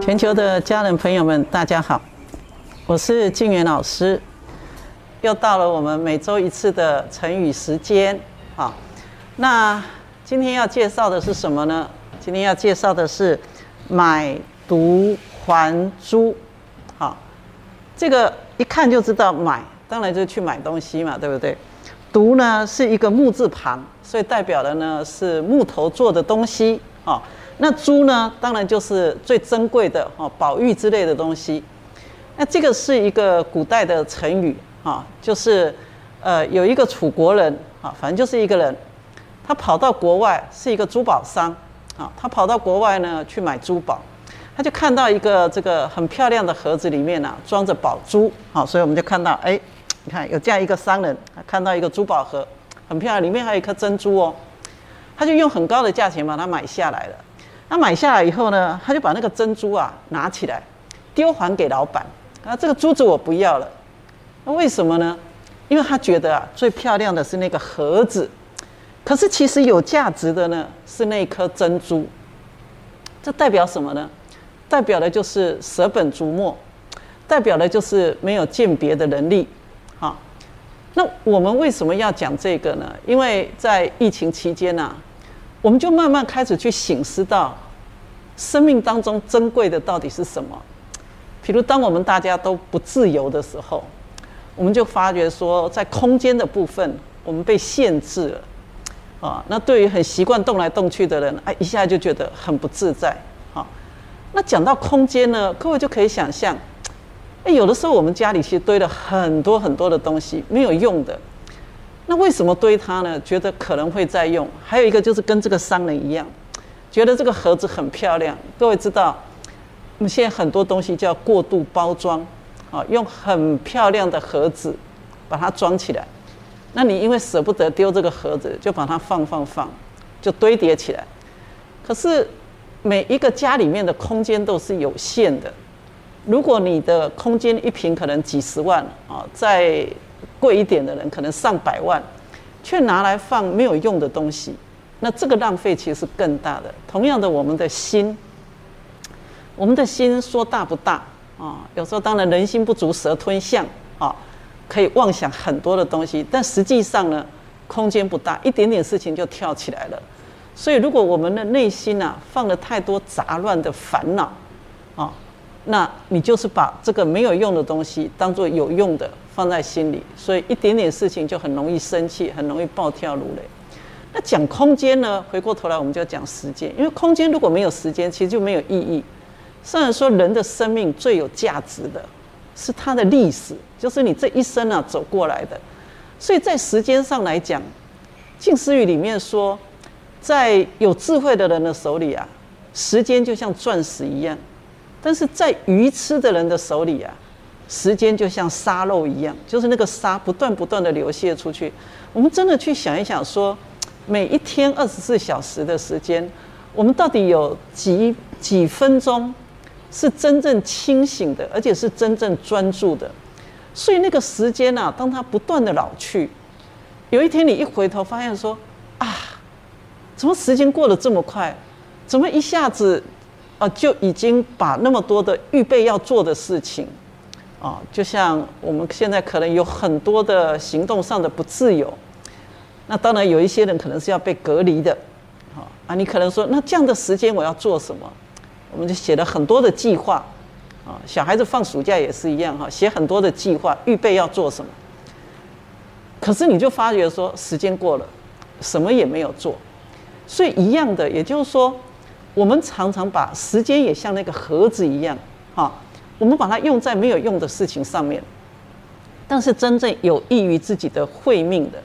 全球的家人朋友們，大家好，我是靜原老師，又到了我們每周一次的成語時間，好，那今天要介紹的是什麼呢？今天要介紹的是“買櫝還珠”，好，這個一看就知道買，買當然就是去買東西嘛，對不對？櫝呢是一個木字旁，所以代表的呢是木頭做的東西，啊。那珠呢？當然就是最珍貴的哦，寶玉之類的東西。那這個是一個古代的成語啊，就是，呃，有一個楚國人啊，反正就是一個人，他跑到國外是一個珠寶商啊，他跑到國外呢去買珠寶，他就看到一個這個很漂亮的盒子裡面呢裝着寶珠啊，所以我們就看到哎、欸，你看有這樣一個商人，他看到一個珠寶盒很漂亮，裡面還有一顆珍珠哦，他就用很高的價錢把它買下來了。他買下來以後呢，他就把那個珍珠啊拿起來，丟還給老闆啊。這個珠子我不要了，那為什麼呢？因為他覺得啊，最漂亮的是那個盒子，可是其實有價值的呢是那顆珍珠。這代表什麼呢？代表的就是捨本逐末，代表的就是沒有鑑別的能力。好，那我們為什麼要講這個呢？因為在疫情期間呢、啊。我們就慢慢開始去省思到，生命當中珍貴的到底是什麼？比如，當我們大家都不自由的時候，我們就發覺說，在空間的部分，我們被限制了。啊，那對於很習慣動來動去的人，哎，一下子就覺得很不自在。啊，那講到空間呢，各位就可以想象，哎、欸，有的時候我們家裡其實堆了很多很多的東西，沒有用的。那為什麼堆它呢？覺得可能會再用，還有一個就是跟這個商人一樣，覺得這個盒子很漂亮。各位知道，我們現在很多東西叫過度包裝，啊、哦，用很漂亮的盒子把它裝起來。那你因為捨不得丟這個盒子，就把它放放放，就堆疊起來。可是每一個家裡面的空間都是有限的，如果你的空間一坪可能幾十萬啊、哦，在。貴一點的人可能上百萬，卻拿來放沒有用的東西，那這個浪費其實是更大的。同樣的，我們的心，我們的心說大不大啊、哦，有時候當然人心不足蛇吞象啊、哦，可以妄想很多的東西，但實際上呢，空間不大，一點點事情就跳起來了。所以，如果我們的內心啊放了太多雜亂的煩惱啊，那你就是把這個沒有用的東西當作有用的。放在心裡，所以一點點事情就很容易生氣，很容易暴跳如雷。那講空間呢？回過頭來，我們就要講時間，因為空間如果沒有時間，其實就沒有意義。雖然說人的生命最有價值的是它的歷史，就是你這一生啊走過來的。所以在時間上來講，《靜思語》裡面說，在有智慧的人的手裡啊，時間就像鑽石一樣；但是在愚痴的人的手裡啊，時間就像沙漏一樣，就是那個沙不斷不斷地流瀉出去。我們真的去想一想說，說每一天二十四小時的時間，我們到底有幾幾分鐘是真正清醒的，而且是真正專注的？所以那個時間啊，當它不斷地老去，有一天你一回頭發現說啊，怎麼時間過得這麼快？怎麼一下子啊就已經把那麼多的預備要做的事情？啊，就像我們現在可能有很多的行動上的不自由，那當然有一些人可能是要被隔離的，啊，你可能說那這樣的時間我要做什麼？我們就寫了很多的計劃，啊，小孩子放暑假也是一樣哈，寫很多的計劃，預備要做什麼？可是你就發覺說時間過了，什麼也沒有做，所以一樣的，也就是說，我們常常把時間也像那個盒子一樣，哈。我們把它用在沒有用的事情上面，但是真正有益於自己的慧命的，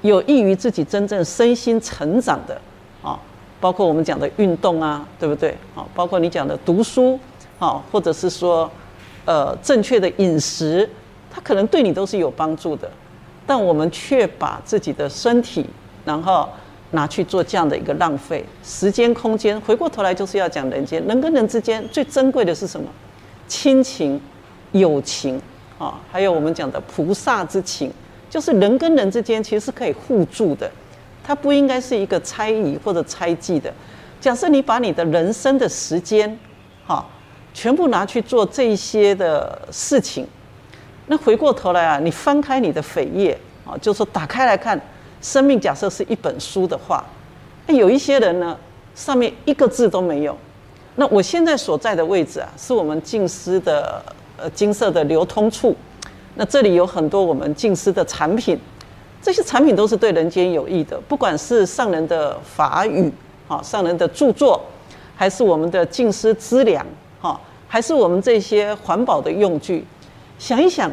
有益於自己真正身心成長的，啊，包括我們講的運動啊，對不對？啊，包括你講的讀書，啊，或者是說，呃，正確的飲食，它可能對你都是有幫助的，但我們卻把自己的身體，然後拿去做這樣的一個浪費時間空間。回過頭來就是要講人間，人跟人之間最珍貴的是什麼？親情、友情，啊，還有我們講的菩薩之情，就是人跟人之間其實是可以互助的，它不應該是一個猜疑或者猜忌的。假設你把你的人生的時間，哈，全部拿去做這一些的事情，那回過頭來啊，你翻開你的扉頁，啊，就說打開來看，生命假設是一本書的話，那有一些人呢，上面一個字都沒有。那我現在所在的位置啊，是我們靜思的呃金色的流通處。那這裡有很多我們靜思的產品，這些產品都是對人間有益的。不管是上人的法語、哦、上人的著作，還是我們的靜思資糧，哈、哦，還是我們這些環保的用具，想一想，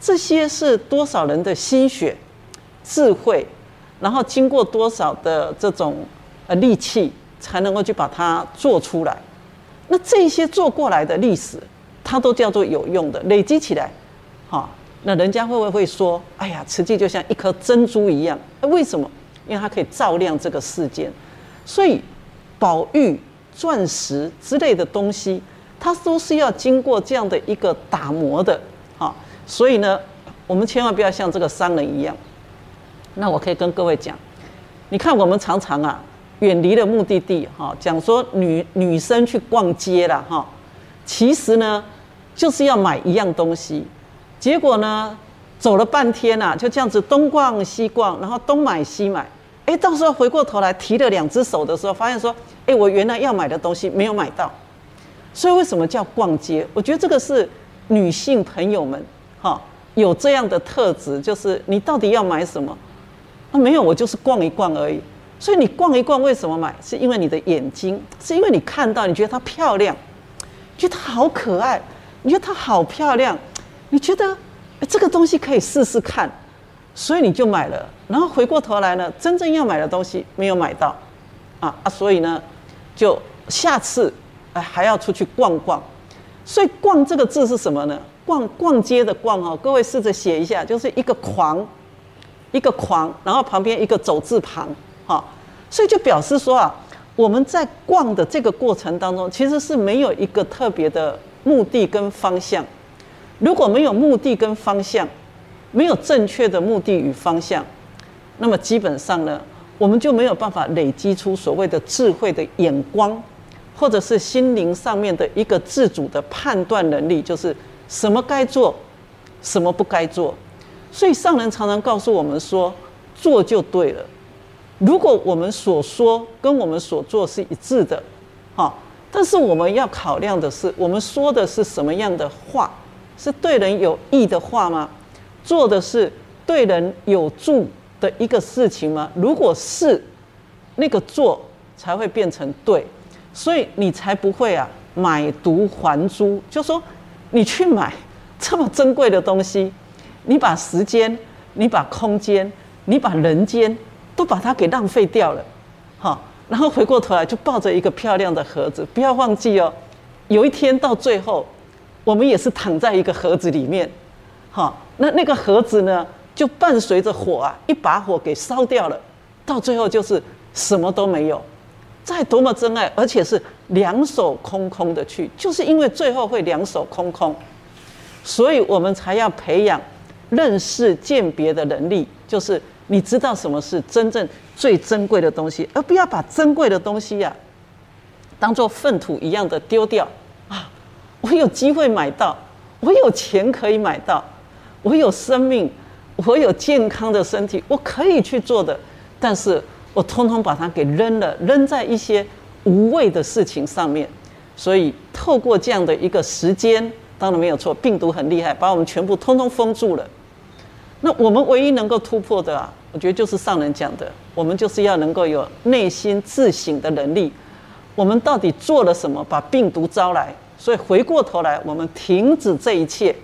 這些是多少人的心血、智慧，然後經過多少的這種呃力氣，才能夠去把它做出來。那這些做過來的歷史，它都叫做有用的，累積起來，哈、哦，那人家會不會說，哎呀，慈濟就像一顆珍珠一樣，為什麼？因為它可以照亮這個世間，所以，寶玉、鑽石之類的東西，它都是要經過這樣的一個打磨的，哈、哦，所以呢，我們千萬不要像這個商人一樣。那我可以跟各位講，你看我們常常啊。遠離了目的地，哈，講說女女生去逛街了，哈，其實呢，就是要買一樣東西，結果呢，走了半天啦、啊、就這樣子東逛西逛，然後東買西買，哎、欸，到時候回過頭來提了兩隻手的時候，發現說，哎、欸，我原來要買的東西沒有買到，所以為什麼叫逛街？我覺得這個是女性朋友們，哈，有這樣的特質，就是你到底要買什麼？啊，沒有，我就是逛一逛而已。所以你逛一逛，為什麼買？是因為你的眼睛，是因為你看到，你覺得它漂亮，你覺得它好可愛，你覺得它好漂亮，你覺得這個東西可以試試看，所以你就買了。然後回過頭來呢，真正要買的東西沒有買到，啊啊，所以呢，就下次誒還要出去逛逛。所以“逛”這個字是什麼呢？“逛”逛街的“逛”哦，各位試着寫一下，就是一個“狂”，一個“狂”，然後旁邊一個“走”字旁。好，所以就表示說啊，我們在逛的這個過程當中，其實是沒有一個特別的目的跟方向。如果沒有目的跟方向，沒有正確的目的與方向，那麼基本上呢，我們就沒有辦法累積出所謂的智慧的眼光，或者是心靈上面的一個自主的判斷能力，就是什麼該做，什麼不該做。所以上人常常告訴我們說，做就對了。如果我們所說跟我們所做是一致的，好，但是我們要考量的是，我們說的是什麼樣的話，是對人有益的話嗎？做的是對人有助的一個事情嗎？如果是，那個做才會變成對，所以你才不會啊，買櫝還珠，就說你去買這麼珍貴的東西，你把時間，你把空間，你把人間。都把它給浪費掉了，好，然後回過頭來就抱着一個漂亮的盒子。不要忘記哦，有一天到最後，我們也是躺在一個盒子裡面，好，那那個盒子呢，就伴隨着火啊，一把火給燒掉了。到最後就是什麼都沒有，再多麼珍愛，而且是兩手空空的去，就是因為最後會兩手空空，所以我們才要培養認識鑑別的能力，就是。你知道什麼是真正最珍貴的東西，而不要把珍貴的東西呀、啊，當做糞土一樣的丟掉啊！我有機會買到，我有錢可以買到，我有生命，我有健康的身體，我可以去做的，但是我通通把它給扔了，扔在一些無謂的事情上面。所以透過這樣的一個時間，當然沒有錯，病毒很厲害，把我們全部通通封住了。那我們唯一能夠突破的，啊，我覺得就是上人講的，我們就是要能夠有內心自省的能力。我們到底做了什麼把病毒招來？所以回過頭來，我們停止這一切。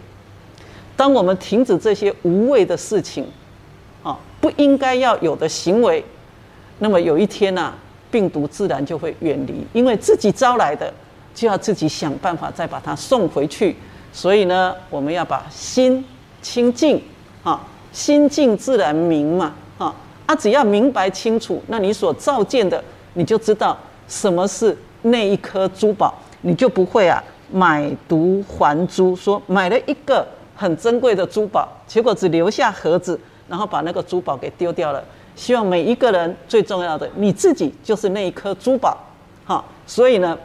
當我們停止這些無謂的事情，啊，不應該要有的行為，那麼有一天呢，啊，病毒自然就會遠離，因為自己招來的就要自己想辦法再把它送回去。所以呢，我們要把心清淨。好、哦，心靜自然明嘛。好、哦，啊，只要明白清楚，那你所照見的，你就知道什麼是那一顆珠寶，你就不會啊買櫝還珠。說買了一個很珍貴的珠寶，結果只留下盒子，然後把那個珠寶給丟掉了。希望每一個人最重要的，你自己就是那一顆珠寶。好、哦，所以呢，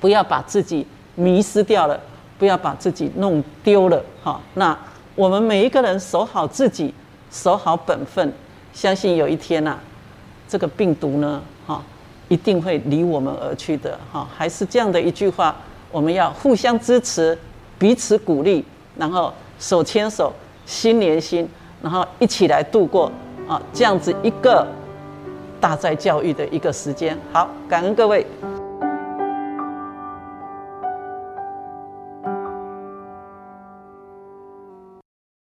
不要把自己迷失掉了，不要把自己弄丟了。好、哦，那。我們每一個人守好自己，守好本分，相信有一天吶、啊，這個病毒呢，哈，一定會離我們而去的，哈。還是這樣的一句話，我們要互相支持，彼此鼓勵，然後手牽手，心連心，然後一起來度過啊，這樣子一個大哉教育的一個時間。好，感恩各位。